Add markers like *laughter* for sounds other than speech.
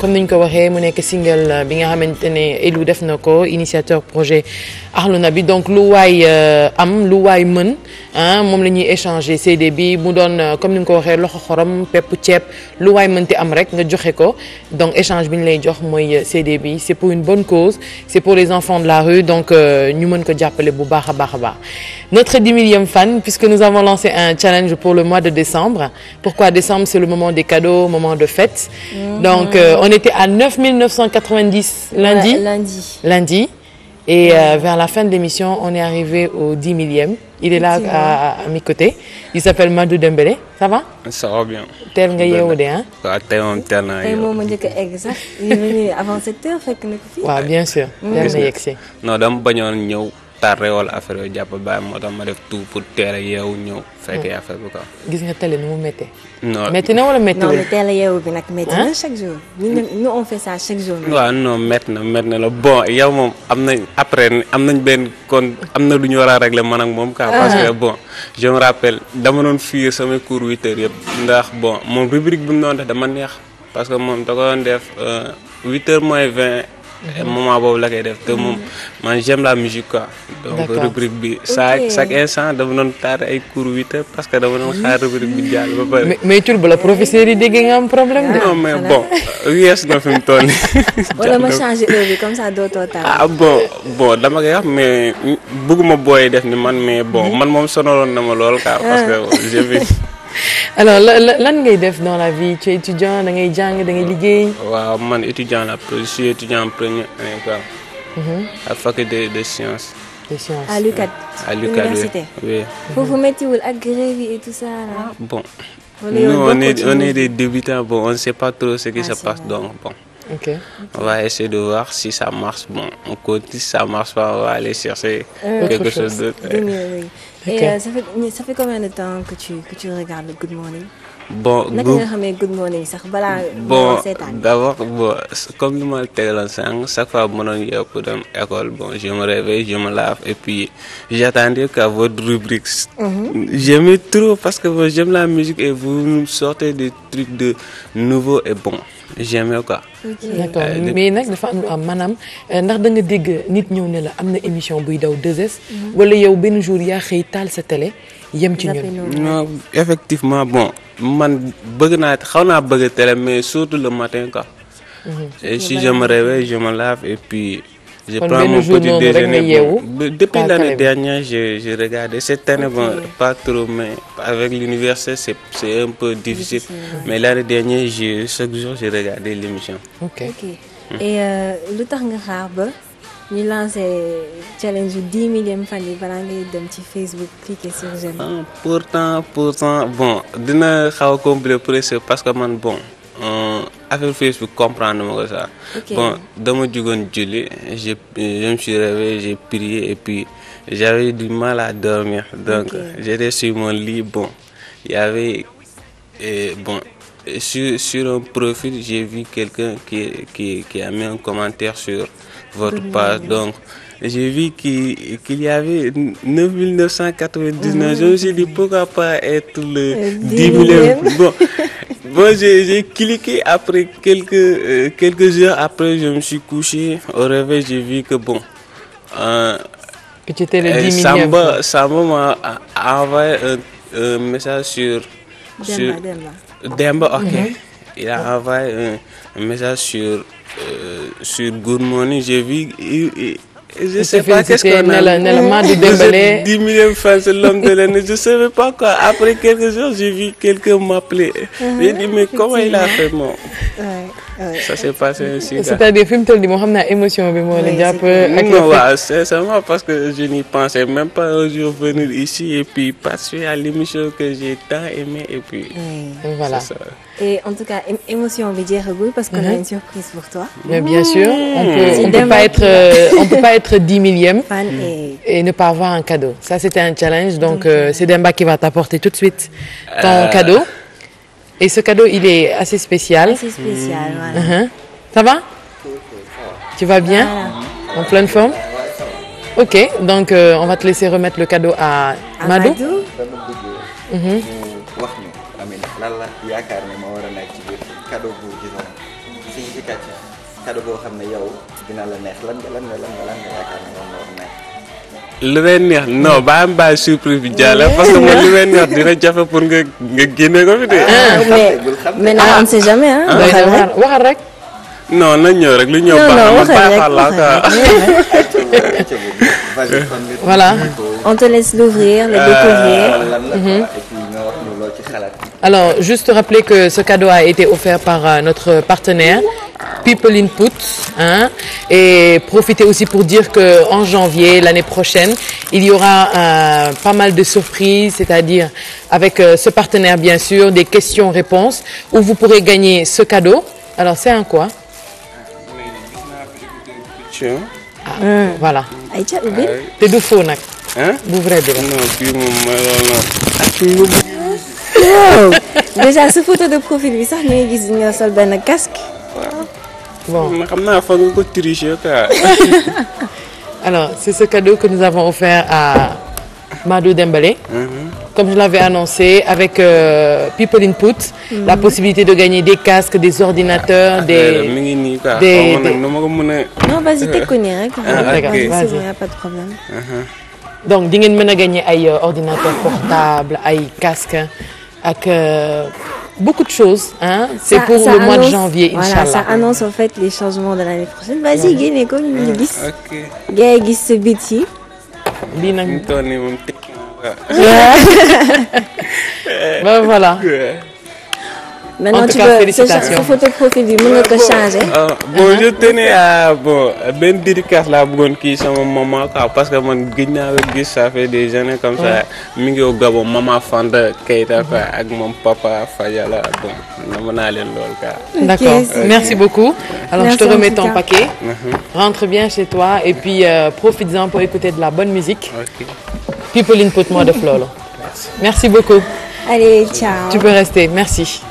comme ni ñu ko waxee mu nekk single euh, bi nga xamante ne Elou def na ko initiateur projet Arlona bi donc lu waay euh, am lu waay mën ah moom la ñuy échanger CD bi mu doon euh, comme ni nga ko waxee loxo xorom pepp ceeb lu waay mënti am rek nga joxe ko donc échange bi ñu lay jox mooy CD bi c'est pour une bonne cause c'est pour les enfants de la rue donc ñu mën ko jàppale bu baax a baax a baax notre dix millième fan puisque nous avons lancé un challenge pour le mois de décembre pourquoi décembre c'est le moment des cadeaux moment de fête mmh. On était à 9990 lundi. Ouais, lundi. Lundi. Et euh, vers la fin de l'émission, on est arrivé au 10 millième. Il est là à, à, à Il s'appelle Madou Dembélé. Ça va Ça va bien. Tel de hein Waaw tey moom tel naa a egg sax. Ñu venu avant 7 heures Non dama bañoon ñëw. tarre wala affaire yooyu jàpp bàyyi moo tax ma def tout pour teel a yeewu ñëw. fekkee affaire bi quoi. gis nga télé nu mu méttee. non métti na wala a yeewu bi nag métti na bon yow moom am nañ après am nañ benn kon am na lu ñu war a régler man ak moom. quoi ah. parce bon je me dama doon fuir samay cours huit yëpp. ndax bon moom rubrique bu mu doon def dama neex parce moom da ko doon def euh, huit heures moins moment boobu la koy def te moom man j'aime la musique quoi. donc rubrique bi chaque chaque instant dama doon taar ay cours huit parce que dama doon xaar rubrique bi jàll ba pare. mais mais tur la professeur yi dégg nga am problème de. non mais bon wees na fi mu toll nii. *laughs* wala ma changer heure bi ah, bon dama koy wax mais bëgguma booy def ni man mais bon mm-hmm. man moom sonaloon na ma lool quoi parce que ah. je *laughs* alors lan ngay def dans la vie tu étudiant da ngay jàng da ngay liggéey. waaw man étudiant la je suis étudiant en première année quoi. Mhm. de sciences. de sciences à l'UCAD. à l'UCAD université oui. foofu méttiwul ak grève yi et tout ça là. bon nous on est on est des débutants bon on sait pas trop ce qui ah, se passe donc bon. On va essayer de voir si ça marche. Bon, on va aller chercher euh, quelque chose d'autre. Et euh, ça fait, ça fait combien de temps que tu, que tu regardes le Good Morning bon naka nga xamee good morning sax balaa. bon d' bon comme ni ma la teeloon chaque fois bu ma doon yeewu pour dem école bon je me réveille je et puis j' attendais mhm. que bon j'aime la musique et vous nous sortez des de nouveau et bon j'aimais quoi. Euh, euh, mais nag dafa am lu am maanaam euh, ndax da nga dégg nit ñëw ne am na émission buy daw 2S. Mhm. wala yow benn jour yaa xëy taal sa télé yem ci ñun. non effectivement bon. man bëgg naa xaw naa bëgg télé mais surtout le matin quoi. Mhm. et si je me réveille je me lave et puis. je prends mon petit déjeuner depuis l'année dernière je je cette année bon pas trop mais avec l'université c'est c'est un peu difficile mais l'année dernière je chaque jour je regardais l'émission. Euh, lu tax nga xaar ba. ñu lancé challenge yu ah, pourtant bon dina xaw a compliqué parce que man bon euh, affaire Facebook comprendre ma ko ça. bon dama jugoon je je suis réveillé j'ai prié et j'avais du mal à dormir donc j'étais sur mon lit bon y bon. sur, sur un profil, j'ai vu quelqu'un qui, qui, a mis un commentaire sur votre page. Donc, j'ai vu qu'il qu y avait 9999. Je me suis dit, pourquoi pas être le 10 000 Bon, *laughs* j'ai cliqué après quelques, euh, quelques heures après, je me suis couché. Au réveil, j'ai vu que bon. Euh, euh Samba m'a envoyé un, message sur. Demba, ok. Mm -hmm. Il a envoyé un, message euh, sur, Good Morning. J'ai vu, *laughs* je sais pas qu'est-ce qu'on a ne la Madi Dembélé 10 millions de francs c'est l'homme de l'année je savais pas quoi après quelques jours j'ai vu quelqu'un m'appeler mhm, j'ai dit mais comment il a fait moom ça s'est passé ainsi c'est-à-dire fi mu toll nii moo xam naa émotion bi moo la jàpp ak non waaw sincèrement parce que je n'y pensais même pas un jour venir ici et puis passer à l'émission que j'ai tant aimé et puis voilà c'est ça en tout bi jeexagul parce qu'on mm dix millième mmh. et ne pas avoir un cadeau. Ça un challenge donc euh, euh, c'est Demba qui va t'apporter tout de suite ton euh. cadeau. Et ce cadeau, il est assez spécial. Assez spécial, mm. voilà. Uh -huh. Ça pleine forme? OK, on va te laisser remettre le cadeau à, Madou. Uh-huh. lan la yaakaar ne moo a nekk ci biir cadeau bu disons significatif boo xam ne yow dina la neex lan nga lan nga lan neex. lu may neex non ba am bàyyi surprise bi jàll parce que moom li may dina jafe pour nga nga ko fi de. Ah, mais mais on sait jamais ah. waxal rek. non nañ ñëw rek lu ñëw baax na ma baaxal la quoi. *laughs* voilà on te laisse l'ouvrir le découvrir. nga wax ñu loo ci xalaat. juste rappeler que ce cadeau a été offert par euh, notre partenaire People Input hein et profiter aussi pour dire que en janvier l'année prochaine il y aura euh, pas mal de surprises c'est-à-dire avec euh, ce partenaire bien sûr des questions-réponses où vous pourrez gagner ce cadeau alors c'est un quoi ah, voilà te nag ah bu vrai bi la. non xam naa foog nga ko tricher quoi. *laughs* alors c'est ce cadeau que nous avons offert à Madou Dembélé. Mm-hmm. comme je l'avais annoncé avec euh, People Input. Mm-hmm. la possibilité de gagner des casques des ordinateurs ah, des. mi ngi nii quoi teg ko nii rek. ah pas de problème. Uh-huh. donc di ngeen mën a gagner ay euh, ordinateur portable ay casque ak euh, beaucoup de choses hein c'est pour le mois de janvier voilà, inchallah ça annonce en fait les changements de l'année prochaine vas gis gars yi gis sa bit yi lii voilà maintenant en tout tu cas, veux sa photo bon euh, uh-huh. je tenais à bon benn dédicace laa bëggoon kii sama maman quoi parce que man gëj naa gis ça fait des années comme uh-huh. mi ngi au Gabon maman Fanta Keita quoi ak moom papa Fajala bon mën naa leen lool quoi. d'accord merci beaucoup. alors merci je te remets ton paquet. Uh-huh. rentre bien chez toi et puis euh, profites-en écouter de la bonne musique. ok Pipeline Pout moo def loolu. merci beaucoup. tu peux rester merci.